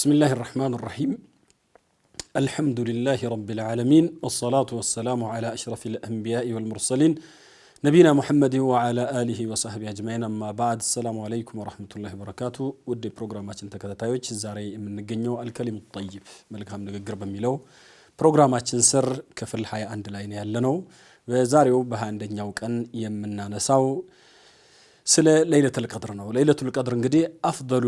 بسم الله الرحمن الرحيم الحمد لله رب العالمين والصلاة والسلام على أشرف الأنبياء والمرسلين ነቢና ሙሐመድ ወዓላ አሊሂ ወሳህቢ አጅማይን አማ ባዕድ ሰላሙ አለይኩም ወረህመቱላሂ ወበረካቱ። ውድ የፕሮግራማችን ተከታታዮች ዛሬ የምንገኘው አልከሊሙ ጠይብ መልካም ንግግር በሚለው ፕሮግራማችን ስር ክፍል 21 ላይ ነው ያለነው። በዛሬው በ21ኛው ቀን የምናነሳው ስለ ለይለቱል ቀድር ነው። ለይለቱል ቀድር እንግዲህ አፍደሉ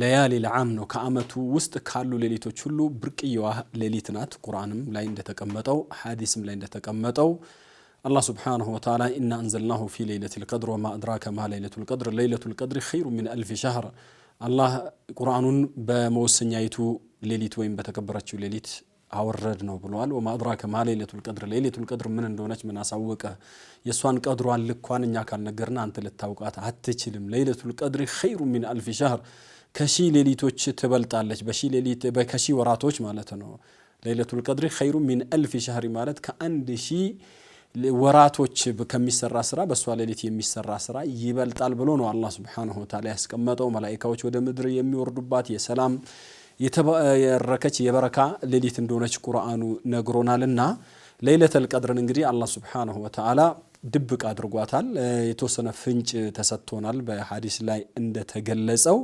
ለያሊ ልዓም ነው። ከአመቱ ውስጥ ካሉ ሌሊቶች ሁሉ ብርቅየዋ ሌሊት ናት። ቁርአንም ላይ እንደተቀመጠው ሐዲስም ላይ እንደተቀመጠው አላህ ስብሓነሁ ወተዓላ ኢና አንዘልናሁ ፊ ለይለቱል ቀድር ወማ አድራከ ማ ለይለቱል ቀድር ለይለቱል ቀድር ኸይሩ ሚን አልፊ ሸህር አላህ ቁርአኑን በመወሰኛይቱ ሌሊት ወይም በተከበረችው ሌሊት አወረድ ነው ብለዋል። ወማ ማ ሌሊቱል ቀድር፣ ሌሊቱል ቀድር ምን እንደሆነች ምን አሳወቀ? የእሷን ቀድሯን ልኳን እኛ ካልነገርና አንተ ልታውቃት አትችልም። ሌሊቱል ቀድር ኸይሩ ሚን አልፍ ሻህር፣ ከሺ ሌሊቶች ትበልጣለች፣ ከሺ ወራቶች ማለት ነው። ሌሊቱል ቀድር ኸይሩ ሚን አልፍ ሻህር ማለት ከአንድ ሺ ወራቶች ከሚሰራ ስራ በእሷ ሌሊት የሚሰራ ስራ ይበልጣል ብሎ ነው አላህ ሱብሓነሁ ወተዓላ ያስቀመጠው። መላኢካዎች ወደ ምድር የሚወርዱባት የሰላም የተባረከች የበረካ ሌሊት እንደሆነች ቁርአኑ ነግሮናልና ለይለተል ቀድርን እንግዲህ አላህ ሱብሓነሁ ወተዓላ ድብቅ አድርጓታል። የተወሰነ ፍንጭ ተሰጥቶናል በሀዲስ ላይ እንደተገለጸው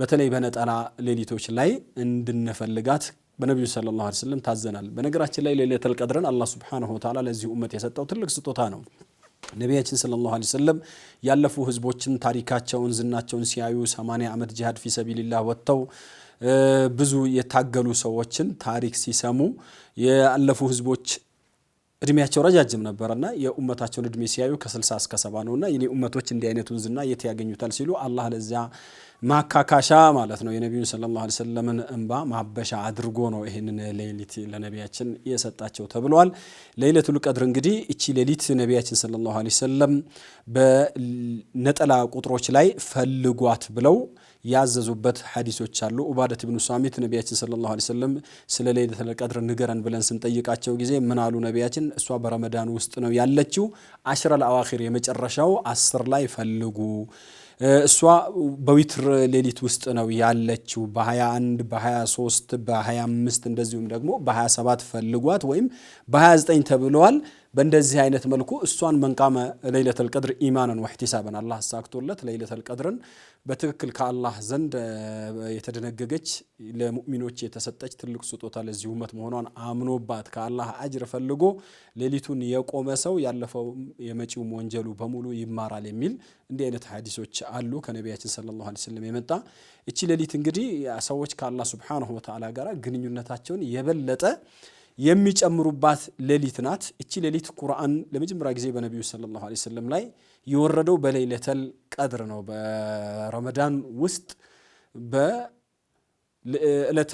በተለይ በነጠላ ሌሊቶች ላይ እንድንፈልጋት በነቢዩ ሰለላሁ ዐለይሂ ወሰለም ታዘናል። በነገራችን ላይ ለይለተል ቀድርን አላህ ሱብሓነሁ ወተዓላ ለዚህ ኡመት የሰጠው ትልቅ ስጦታ ነው። ነቢያችን ሰለላሁ ዐለይሂ ወሰለም ያለፉ ህዝቦችን ታሪካቸውን፣ ዝናቸውን ሲያዩ 80 ዓመት ጂሃድ ፊሰቢልላህ ወጥተው ብዙ የታገሉ ሰዎችን ታሪክ ሲሰሙ ያለፉ ህዝቦች እድሜያቸው ረጃጅም ነበርና የኡመታቸውን እድሜ ሲያዩ ከ60 እስከ ሰባ ነውና የኔ ኡመቶች እንዲህ አይነቱን ዝና የት ያገኙታል ሲሉ አላህ ለዚያ ማካካሻ ማለት ነው የነቢዩን ሰለላሁ ዐለይሂ ወሰለምን እንባ ማበሻ አድርጎ ነው ይህንን ሌሊት ለነቢያችን የሰጣቸው ተብሏል። ለይለቱል ቀድር እንግዲህ እቺ ሌሊት ነቢያችን ሰለላሁ ዐለይሂ ወሰለም በነጠላ ቁጥሮች ላይ ፈልጓት ብለው ያዘዙበት ሐዲሶች አሉ። ኡባደት ብኑ ሳሚት ነቢያችን ሰለላሁ ዐለይሂ ወሰለም ስለ ለይለቱል ቀድር ንገረን ብለን ስንጠይቃቸው ጊዜ ምን አሉ ነቢያችን? እሷ በረመዳን ውስጥ ነው ያለችው፣ አሽረል አዋኺር የመጨረሻው አስር ላይ ፈልጉ። እሷ በዊትር ሌሊት ውስጥ ነው ያለችው፣ በ21 በ23 በ25 እንደዚሁም ደግሞ በ27 ፈልጓት ወይም በ29 ተብለዋል። በእንደዚህ አይነት መልኩ እሷን መንቃመ ለይለተል ቀድር ኢማንን ወሕቲሳበን አላህ አሳክቶለት ለይለተል ቀድርን በትክክል ከአላህ ዘንድ የተደነገገች ለሙእሚኖች የተሰጠች ትልቅ ስጦታ ለዚህ ውመት መሆኗን አምኖባት ከአላህ አጅር ፈልጎ ሌሊቱን የቆመ ሰው ያለፈው የመጪውም ወንጀሉ በሙሉ ይማራል የሚል እንዲህ አይነት ሀዲሶች አሉ ከነቢያችን ሰለላሁ ዐለይሂ ወሰለም የመጣ እቺ ሌሊት እንግዲህ ሰዎች ከአላህ ሱብሓነሁ ወተዓላ ጋር ግንኙነታቸውን የበለጠ የሚጨምሩባት ሌሊት ናት። እቺ ሌሊት ቁርአን ለመጀመሪያ ጊዜ በነቢዩ ሰለላሁ ዐለይሂ ወሰለም ላይ የወረደው በሌይለተል ቀድር ነው። በረመዳን ውስጥ በእለተ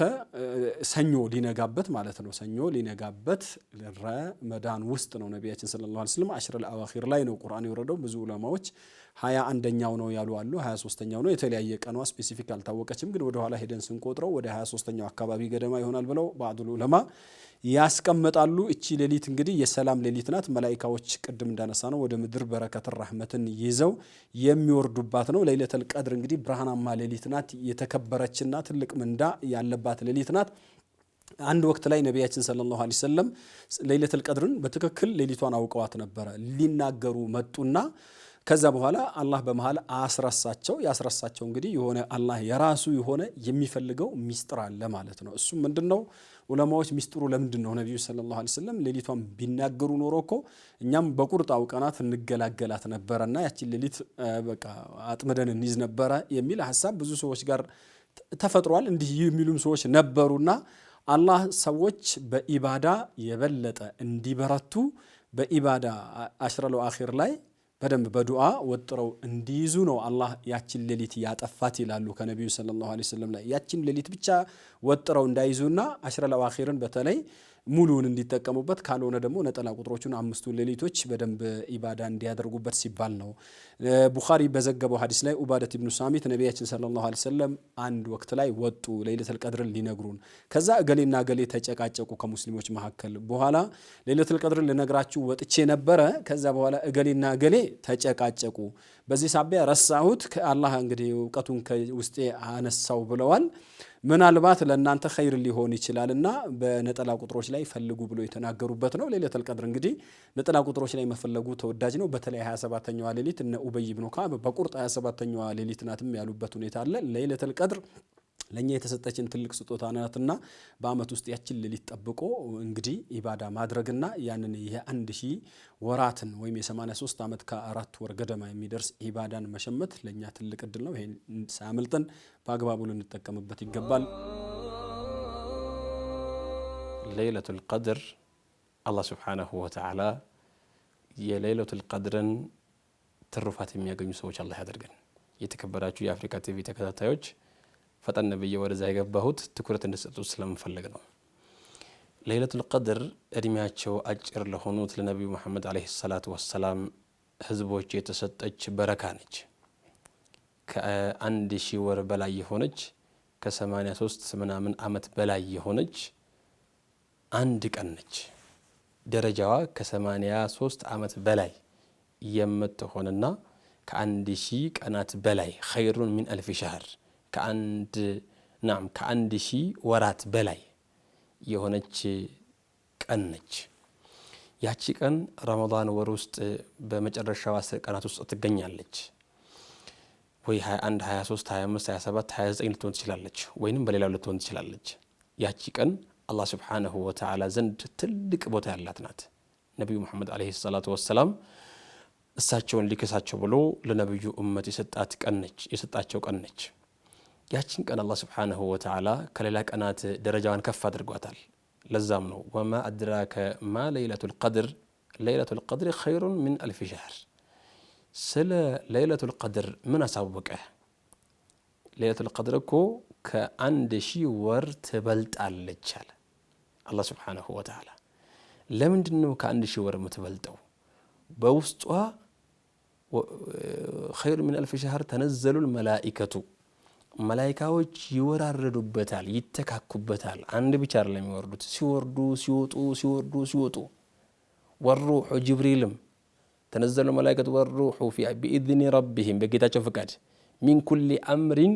ሰኞ ሊነጋበት ማለት ነው። ሰኞ ሊነጋበት ረመዳን ውስጥ ነው። ነቢያችን ሰለላሁ ዐለይሂ ወሰለም አሽረል አዋኺር ላይ ነው ቁርአን የወረደው ብዙ ዑለማዎች ሀያ አንደኛው ነው ያሉ አሉ። ሀያ ሶስተኛው ነው የተለያየ ቀኗ ስፔሲፊክ አልታወቀችም፣ ግን ወደኋላ ሄደን ስንቆጥረው ወደ ሀያ ሶስተኛው አካባቢ ገደማ ይሆናል ብለው ባዕዱል ዑለማ ያስቀምጣሉ። እቺ ሌሊት እንግዲህ የሰላም ሌሊት ናት። መላኢካዎች ቅድም እንዳነሳ ነው ወደ ምድር በረከትን ራህመትን ይዘው የሚወርዱባት ነው። ለይለተል ቀድር እንግዲህ ብርሃናማ ሌሊት ናት። የተከበረችና ትልቅ ምንዳ ያለባት ሌሊት ናት። አንድ ወቅት ላይ ነቢያችን ሰለላሁ ዐለይሂ ወሰለም ለይለተል ቀድርን በትክክል ሌሊቷን አውቀዋት ነበረ። ሊናገሩ መጡና ከዛ በኋላ አላህ በመሃል አስረሳቸው። ያስረሳቸው እንግዲህ የሆነ አላህ የራሱ የሆነ የሚፈልገው ሚስጥር አለ ማለት ነው። እሱም ምንድን ነው? ዑለማዎች ሚስጥሩ ለምንድን ነው ነቢዩ ሰለላሁ ዐለይሂ ወሰለም ሌሊቷን ቢናገሩ ኖሮ እኮ እኛም በቁርጥ አውቀናት እንገላገላት ነበረ እና ያችን ሌሊት በቃ አጥምደን እንይዝ ነበረ የሚል ሀሳብ ብዙ ሰዎች ጋር ተፈጥሯል። እንዲህ የሚሉም ሰዎች ነበሩና አላህ ሰዎች በኢባዳ የበለጠ እንዲበረቱ በኢባዳ አሽረል አኺር ላይ በደንብ በዱዓ ወጥረው እንዲይዙ ነው አላህ ያችን ሌሊት ያጠፋት ይላሉ ከነቢዩ ሰለላሁ ዐለይሂ ወሰለም ላይ ያችን ሌሊት ብቻ ወጥረው እንዳይዙና አሽረ አዋኺርን በተለይ ሙሉውን እንዲጠቀሙበት ካልሆነ ደግሞ ነጠላ ቁጥሮቹን አምስቱ ሌሊቶች በደንብ ኢባዳ እንዲያደርጉበት ሲባል ነው። ቡኻሪ በዘገበው ሀዲስ ላይ ኡባደት ብኑ ሳሚት ነቢያችን ሰለላሁ ዐለይሂ ወሰለም አንድ ወቅት ላይ ወጡ ሌሊተል ቀድርን ሊነግሩን። ከዛ እገሌና እገሌ ተጨቃጨቁ ከሙስሊሞች መካከል። በኋላ ሌሊተል ቀድርን ልነግራችሁ ወጥቼ ነበረ። ከዛ በኋላ እገሌና እገሌ ተጨቃጨቁ፣ በዚህ ሳቢያ ረሳሁት። ከአላህ እንግዲህ እውቀቱን ከውስጤ አነሳው ብለዋል። ምናልባት ለእናንተ ኸይር ሊሆን ይችላል እና በነጠላ ቁጥሮች ላይ ፈልጉ ብሎ የተናገሩበት ነው። ሌሊተል ቀድር እንግዲህ ነጠላ ቁጥሮች ላይ መፈለጉ ተወዳጅ ነው። በተለይ 27ተኛዋ ሌሊት እነ ኡበይ ብኑ ካዕብ በቁርጥ 27ተኛዋ ሌሊት ናትም ያሉበት ሁኔታ አለ። ሌሊተል ቀድር ለእኛ የተሰጠችን ትልቅ ስጦታ ናትና በአመት ውስጥ ያችን ሌሊት ጠብቆ እንግዲህ ኢባዳ ማድረግና ያንን የአንድ ሺህ ወራትን ወይም የ83 ዓመት ከአራት ወር ገደማ የሚደርስ ኢባዳን መሸመት ለእኛ ትልቅ እድል ነው። ይሄን ሳያመልጠን በአግባቡ ልንጠቀምበት ይገባል። ሌይለቱል ቀድር አላህ ስብሓነሁ ወተዓላ የሌይለቱል ቀድርን ትሩፋት የሚያገኙ ሰዎች አላህ ያደርገን። የተከበራችሁ የአፍሪካ ቲቪ ተከታታዮች ፈጠን ብዬ ወደዛ የገባሁት ትኩረት እንዲሰጡት ስለምፈልግ ነው። ለይለቱል ቀድር እድሜያቸው አጭር ለሆኑት ለነቢዩ መሐመድ ዓለይሂ ሰላቱ ወሰላም ህዝቦች የተሰጠች በረካ ነች። ከአንድ ሺህ ወር በላይ የሆነች ከ83 ምናምን ዓመት በላይ የሆነች አንድ ቀን ነች። ደረጃዋ ከ83 ዓመት በላይ የምትሆንና ከአንድ ሺህ ቀናት በላይ ኸይሩን ሚን አልፊ ሻህር ከአንድ ናም ከአንድ ሺህ ወራት በላይ የሆነች ቀን ነች። ያቺ ቀን ረመዳን ወር ውስጥ በመጨረሻው አስር ቀናት ውስጥ ትገኛለች። ወይ 21፣ 23፣ 25፣ 27፣ 29 ልትሆን ትችላለች፣ ወይንም በሌላው ልትሆን ትችላለች። ያቺ ቀን አላህ ስብሓነሁ ወተዓላ ዘንድ ትልቅ ቦታ ያላት ናት። ነቢዩ ሙሐመድ ዓለይሂ ሰላቱ ወሰላም እሳቸውን ሊከሳቸው ብሎ ለነቢዩ እመት የሰጣት ቀን ነች የሰጣቸው ቀን ነች። ያችን ቀን አላህ ስብሓነሁ ወተዓላ ከሌላ ቀናት ደረጃዋን ከፍ አድርጓታል። ለዛም ነው ወማ አድራከ ማ ለይለቱል ቀድር ለይለቱል ቀድር ኸይሩን ሚን አልፊ ሸህር። ስለ ለይለቱል ቀድር ምን አሳወቀ? ለይለቱል ቀድር እኮ ከአንድ ሺህ ወር ትበልጣለች አለ አላህ ስብሓነሁ ወተዓላ። ለምንድን ነው ከአንድ ሺህ ወር የምትበልጠው? በውስጧ ኸይሩ ሚን አልፊ ሸህር ተነዘሉል መላኢከቱ መላይካዎች ይወራረዱበታል፣ ይተካኩበታል። አንድ ብቻ አይደለም የሚወርዱት፣ ሲወርዱ ሲወጡ፣ ሲወርዱ ሲወጡ። ወሩሑ ጅብሪልም ተነዘሉ መላይከቱ ወሩሑ ፊ ቢኢዝኒ ረቢሂም በጌታቸው ፍቃድ ሚን ኩሊ አምሪን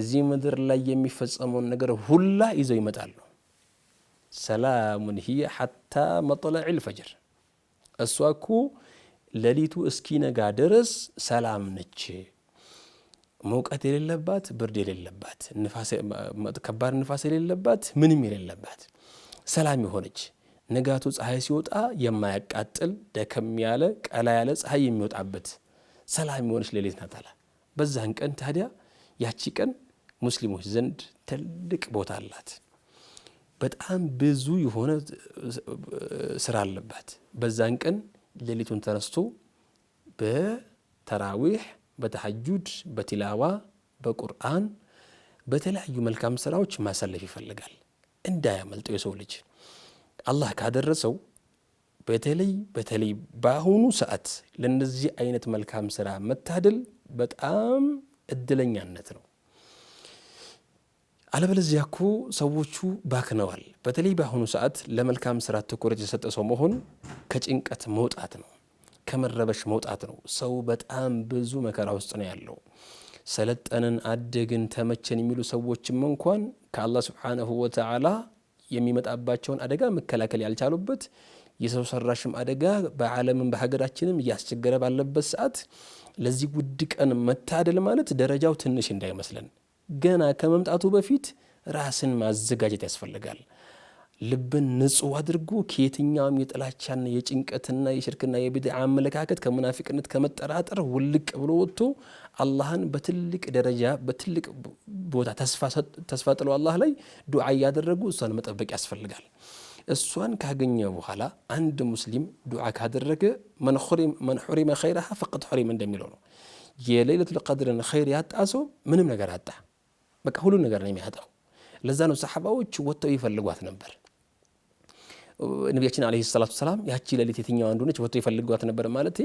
እዚህ ምድር ላይ የሚፈጸመውን ነገር ሁላ ይዘው ይመጣሉ። ሰላሙን ሂየ ሐታ መጥለዒል ፈጅር እሷ እኮ ሌሊቱ እስኪነጋ ድረስ ሰላም ነች። መውቀት የሌለባት፣ ብርድ የሌለባት፣ ከባድ ንፋስ የሌለባት፣ ምንም የሌለባት ሰላም የሆነች ንጋቱ ፀሐይ ሲወጣ የማያቃጥል ደከም ያለ ቀላ ያለ ፀሐይ የሚወጣበት ሰላም የሆነች ሌሊት ናት አለ። በዛን ቀን ታዲያ ያቺ ቀን ሙስሊሞች ዘንድ ትልቅ ቦታ አላት። በጣም ብዙ የሆነ ስራ አለባት። በዛን ቀን ሌሊቱን ተነስቶ በተራዊህ በተሐጁድ በቲላዋ በቁርአን በተለያዩ መልካም ስራዎች ማሳለፍ ይፈልጋል። እንዳያመልጠው የሰው ልጅ አላህ ካደረሰው በተለይ በተለይ በአሁኑ ሰዓት ለነዚህ አይነት መልካም ስራ መታደል በጣም እድለኛነት ነው። አለበለዚያ እኮ ሰዎቹ ባክነዋል። በተለይ በአሁኑ ሰዓት ለመልካም ስራ ትኩረት የሰጠ ሰው መሆን ከጭንቀት መውጣት ነው። ከመረበሽ መውጣት ነው። ሰው በጣም ብዙ መከራ ውስጥ ነው ያለው። ሰለጠንን፣ አደግን፣ ተመቸን የሚሉ ሰዎችም እንኳን ከአላህ ሱብሓነሁ ወተዓላ የሚመጣባቸውን አደጋ መከላከል ያልቻሉበት የሰው ሰራሽም አደጋ በዓለምም በሀገራችንም እያስቸገረ ባለበት ሰዓት ለዚህ ውድ ቀን መታደል ማለት ደረጃው ትንሽ እንዳይመስለን ገና ከመምጣቱ በፊት ራስን ማዘጋጀት ያስፈልጋል። ልብን ንጹህ አድርጎ ከየትኛውም የጥላቻና የጭንቀትና የሽርክና የቢድዓ አመለካከት ከሙናፊቅነት ከመጠራጠር ውልቅ ብሎ ወጥቶ አላህን በትልቅ ደረጃ በትልቅ ቦታ ተስፋ ጥለው አላህ ላይ ዱዓ እያደረጉ እሷን መጠበቅ ያስፈልጋል። እሷን ካገኘ በኋላ አንድ ሙስሊም ዱዓ ካደረገ መን ሑሪመ ኸይረሃ ፈቀድ ሑሪመ እንደሚለው ነው። የሌለቱል ቀድርን ኸይር ያጣ ሰው ምንም ነገር አጣ። በቃ ሁሉ ነገር ነው የሚያጣው። ለዛ ነው ሰሓባዎች ወጥተው ይፈልጓት ነበር። ነቢያችን አለይሂ ሰላቱ ሰላም ያቺ ሌሊት የትኛዋ እንደሆነች ወጥቶ ይፈልጓት ነበር። ማለት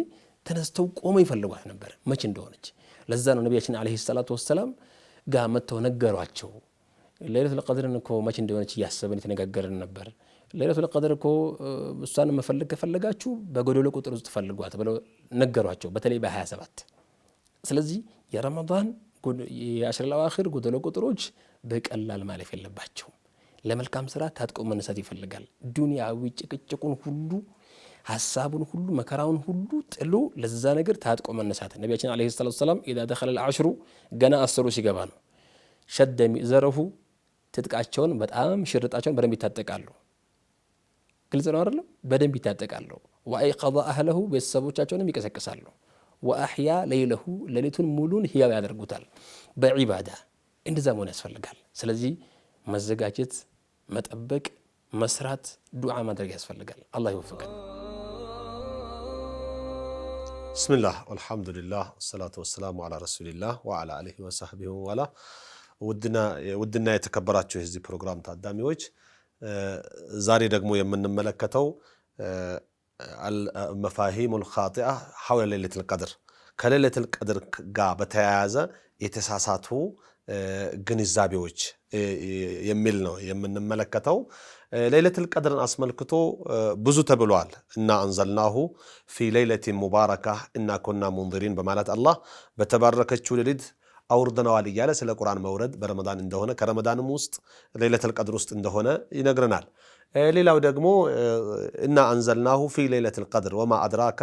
ተነስተው ቆመው ይፈልጓት ነበር መች እንደሆነች። ለዛ ነው ነቢያችን አለይሂ ሰላቱ ወሰላም ጋር መጥተው ነገሯቸው። ሌሊቱል ቀድርን እኮ መች እንደሆነች እያሰብን የተነጋገርን ነበር። ሌሊቱል ቀድር እኮ እሷን መፈለግ ከፈለጋችሁ በጎደሎ ቁጥር ውስጥ ፈልጓት ብለው ነገሯቸው፣ በተለይ በ27 ስለዚህ የረመዳን የአሽረል አዋኺር ጎደሎ ቁጥሮች በቀላል ማለፍ የለባቸው። ለመልካም ስራ ታጥቆ መነሳት ይፈልጋል። ዱንያዊ ጭቅጭቁን ሁሉ ሀሳቡን ሁሉ መከራውን ሁሉ ጥሎ ለዛ ነገር ታጥቆ መነሳት ነቢያችን ዓለይሂ ሰላቱ ሰላም ኢዛ ደኸለ አሽሩ ገና አስሩ ሲገባ ነው ሸደ ሚእዘረሁ ትጥቃቸውን በጣም ሽርጣቸውን በደንብ ይታጠቃሉ። ግልጽ ነው አይደለም? በደንብ ይታጠቃሉ። ወአይቀዛ አህለሁ ቤተሰቦቻቸውንም ይቀሰቅሳሉ። ወአሕያ ለይለሁ ሌሊቱን ሙሉን ህያው ያደርጉታል በዒባዳ እንደዛ መሆን ያስፈልጋል። ስለዚህ መዘጋጀት፣ መጠበቅ፣ መስራት፣ ዱዓ ማድረግ ያስፈልጋል። አላህ ይወፍቀን። ብስሚላህ አልሐምዱሊላህ ሰላቱ ወሰላሙ አላ ረሱሊላህ ወአላ አሊህ ወሳህቢህ ወላ። ውድና የተከበራችሁ የዚህ ፕሮግራም ታዳሚዎች ዛሬ ደግሞ የምንመለከተው መፋሂሙ ኻጢአ ሐውለ ሌለቱል ቀድር ከሌለቱል ቀድር ጋር በተያያዘ የተሳሳቱ ግንዛቤዎች የሚል ነው የምንመለከተው። ሌይለቱል ቀድርን አስመልክቶ ብዙ ተብሏል። እና አንዘልናሁ ፊ ሌይለቲን ሙባረካ እና ኮና ሙንዚሪን በማለት አላህ በተባረከችው ሌሊት አውርደነዋል እያለ ስለ ቁርአን መውረድ በረመዳን እንደሆነ ከረመዳንም ውስጥ ሌይለቱል ቀድር ውስጥ እንደሆነ ይነግረናል። ሌላው ደግሞ እና አንዘልናሁ ፊ ሌይለቱል ቀድር ወማ አድራካ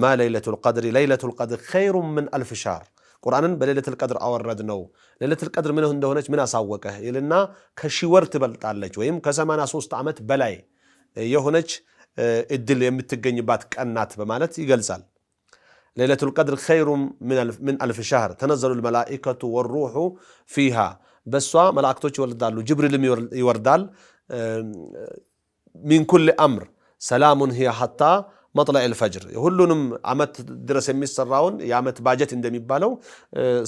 ማ ሌይለቱል ቀድር ሌይለቱል ቀድር ኸይሩን ምን አልፍ ሻር ቁርአንን በሌለትል ቀድር አወረድ ነው። ሌለትል ቀድር ምን እንደሆነች ምን አሳወቀህ ይልና ከሺህ ወር ትበልጣለች ወይም ከ83 ዓመት በላይ የሆነች እድል የምትገኝባት ቀናት በማለት ይገልጻል። ሌለቱል ቀድር ኸይሩን ምን አልፍ ሻህር ተነዘሉ መላኢከቱ ወሩሑ ፊሃ፣ በእሷ መላእክቶች ይወርዳሉ፣ ጅብሪልም ይወርዳል። ሚን ኩል አምር ሰላሙን ሂያ ሐታ مطلع الفجر هلونم عمت درس يميس سراون يعمت باجت اندمي بالو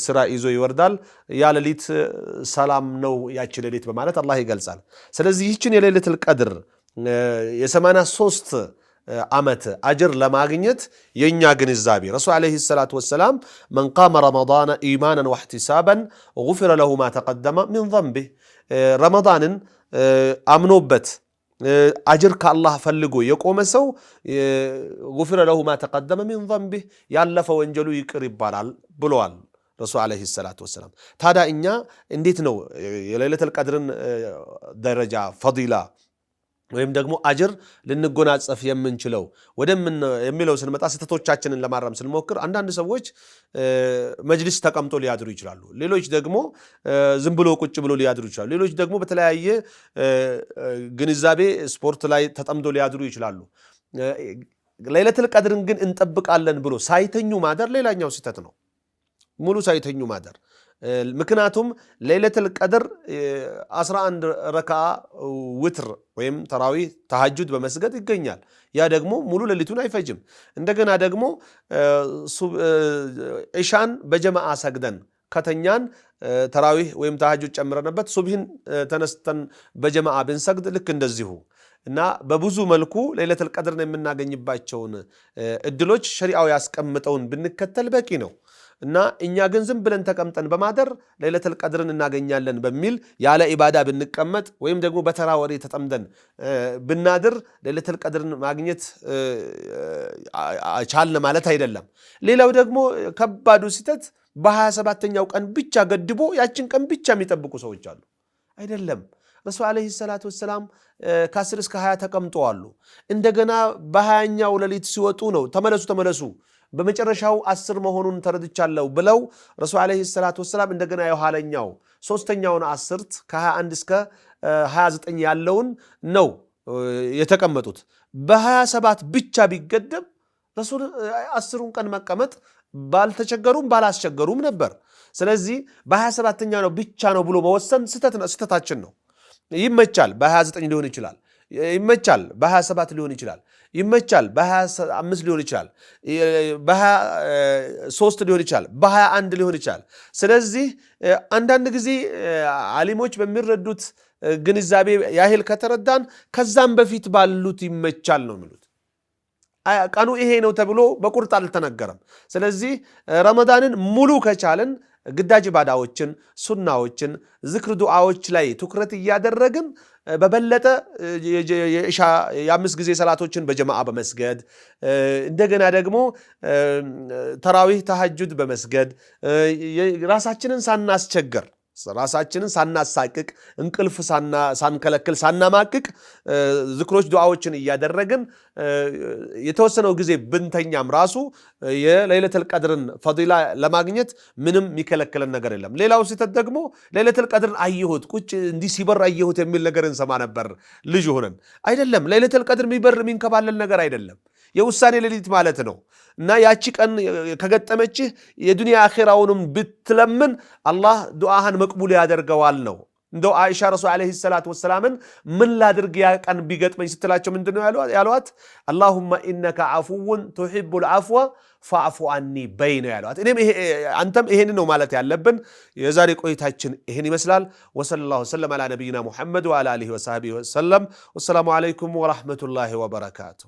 سرا ايزو يوردال يا ليت سلام نو يا ليت بمالت الله يقل سال سلزي هيتشن يا ليلة القدر يسمانا صوست عمت أجر لما غنيت ينيا الزابي رسول عليه الصلاة والسلام من قام رمضان إيمانا واحتسابا غفر له ما تقدم من ذنبه رمضان أمنوبت አጅር ከአላህ ፈልጎ የቆመ ሰው ጉፍረ ለሁ ማ ተቀደመ ሚን ዘንቢህ ያለፈ ወንጀሉ ይቅር ይባላል ብለዋል ረሱል ዓለይሂ ሰላቱ ወሰላም። ታዲያ እኛ እንዴት ነው የሌለተል ቀድርን ደረጃ ፈዲላ ወይም ደግሞ አጅር ልንጎናጸፍ የምንችለው የሚለው ስንመጣ ስህተቶቻችንን ለማረም ስንሞክር አንዳንድ ሰዎች መጅልስ ተቀምጦ ሊያድሩ ይችላሉ። ሌሎች ደግሞ ዝም ብሎ ቁጭ ብሎ ሊያድሩ ይችላሉ። ሌሎች ደግሞ በተለያየ ግንዛቤ ስፖርት ላይ ተጠምዶ ሊያድሩ ይችላሉ። ለይለቱል ቀድርን ግን እንጠብቃለን ብሎ ሳይተኙ ማደር ሌላኛው ስህተት ነው። ሙሉ ሳይተኙ ማደር ምክንያቱም ሌለተል ቀድር 11 ረክዓ ውትር ወይም ተራዊ ተሐጁድ በመስገድ ይገኛል። ያ ደግሞ ሙሉ ሌሊቱን አይፈጅም። እንደገና ደግሞ ዒሻን በጀማዓ ሰግደን ከተኛን ተራዊህ ወይም ተሐጁድ ጨምረንበት ሱብህን ተነስተን በጀማዓ ብንሰግድ ልክ እንደዚሁ እና በብዙ መልኩ ሌለተል ቀድርን የምናገኝባቸውን እድሎች ሸሪአው ያስቀምጠውን ብንከተል በቂ ነው። እና እኛ ግን ዝም ብለን ተቀምጠን በማደር ለይለተል ቀድርን እናገኛለን በሚል ያለ ኢባዳ ብንቀመጥ ወይም ደግሞ በተራ ወሬ ተጠምደን ብናድር ለይለተል ቀድርን ማግኘት ቻልን ማለት አይደለም። ሌላው ደግሞ ከባዱ ስህተት በሀያ ሰባተኛው ቀን ብቻ ገድቦ ያችን ቀን ብቻ የሚጠብቁ ሰዎች አሉ። አይደለም ረሱል ዓለይሂ ሰላቱ ወሰላም ከአስር እስከ ሀያ ተቀምጠዋሉ። እንደገና በሀያኛው ሌሊት ሲወጡ ነው ተመለሱ ተመለሱ በመጨረሻው አስር መሆኑን ተረድቻለሁ ብለው ረሱል ዓለይሂ ሰላቱ ወሰላም እንደገና የኋለኛው ሶስተኛውን አስርት ከ21 እስከ 29 ያለውን ነው የተቀመጡት። በ27 ብቻ ቢገደብ ረሱል አስሩን ቀን መቀመጥ ባልተቸገሩም ባላስቸገሩም ነበር። ስለዚህ በ27ኛ ነው ብቻ ነው ብሎ መወሰን ስህተታችን ነው። ይመቻል፣ በ29 ሊሆን ይችላል። ይመቻል፣ በ27 ሊሆን ይችላል። ይመቻል። በ25 ሊሆን ይችላል፣ በ23 ሊሆን ይችላል፣ በ21 ሊሆን ይችላል። ስለዚህ አንዳንድ ጊዜ አሊሞች በሚረዱት ግንዛቤ ያህል ከተረዳን ከዛም በፊት ባሉት ይመቻል ነው የሚሉት። ቀኑ ይሄ ነው ተብሎ በቁርጥ አልተነገረም። ስለዚህ ረመዳንን ሙሉ ከቻልን ግዳጅ ባዳዎችን፣ ሱናዎችን፣ ዝክር ዱዓዎች ላይ ትኩረት እያደረግን በበለጠ የኢሻ የአምስት ጊዜ ሰላቶችን በጀማ በመስገድ እንደገና ደግሞ ተራዊህ ተሐጁድ በመስገድ ራሳችንን ሳናስቸገር ራሳችንን ሳናሳቅቅ እንቅልፍ ሳንከለክል ሳናማቅቅ ዝክሮች፣ ዱዓዎችን እያደረግን የተወሰነው ጊዜ ብንተኛም ራሱ የለይለተል ቀድርን ፈዲላ ለማግኘት ምንም የሚከለክለን ነገር የለም። ሌላው ስህተት ደግሞ ለይለተል ቀድርን አየሁት ቁጭ እንዲህ ሲበር አየሁት የሚል ነገር እንሰማ ነበር ልጅ ሆነን። አይደለም ለይለተል ቀድር የሚበር የሚንከባለል ነገር አይደለም። የውሳኔ ሌሊት ማለት ነው እና ያቺ ቀን ከገጠመችህ የዱንያ አኼራውንም ብትለምን አላህ ዱዓህን መቅቡል ያደርገዋል ነው። እንደው አይሻ ረሱል ዓለይሂ ሰላት ወሰላምን ምን ላድርግ ያ ቀን ቢገጥመኝ ስትላቸው ምንድን ነው ያሏት? አላሁማ ኢነከ አፉውን ቱሒቡል ዓፍወ ፈዕፉ አኒ በይ ነው ያሏት። እኔም አንተም ይሄን ነው ማለት ያለብን። የዛሬ ቆይታችን ይሄን ይመስላል። ወሰለላሁ ወሰለም አላ ነቢይና ሙሐመድ ወአላ አሊሂ ወሰሐቢሂ ወሰለም። ወሰላሙ ዓለይኩም ወረሕመቱላሂ ወበረካቱ።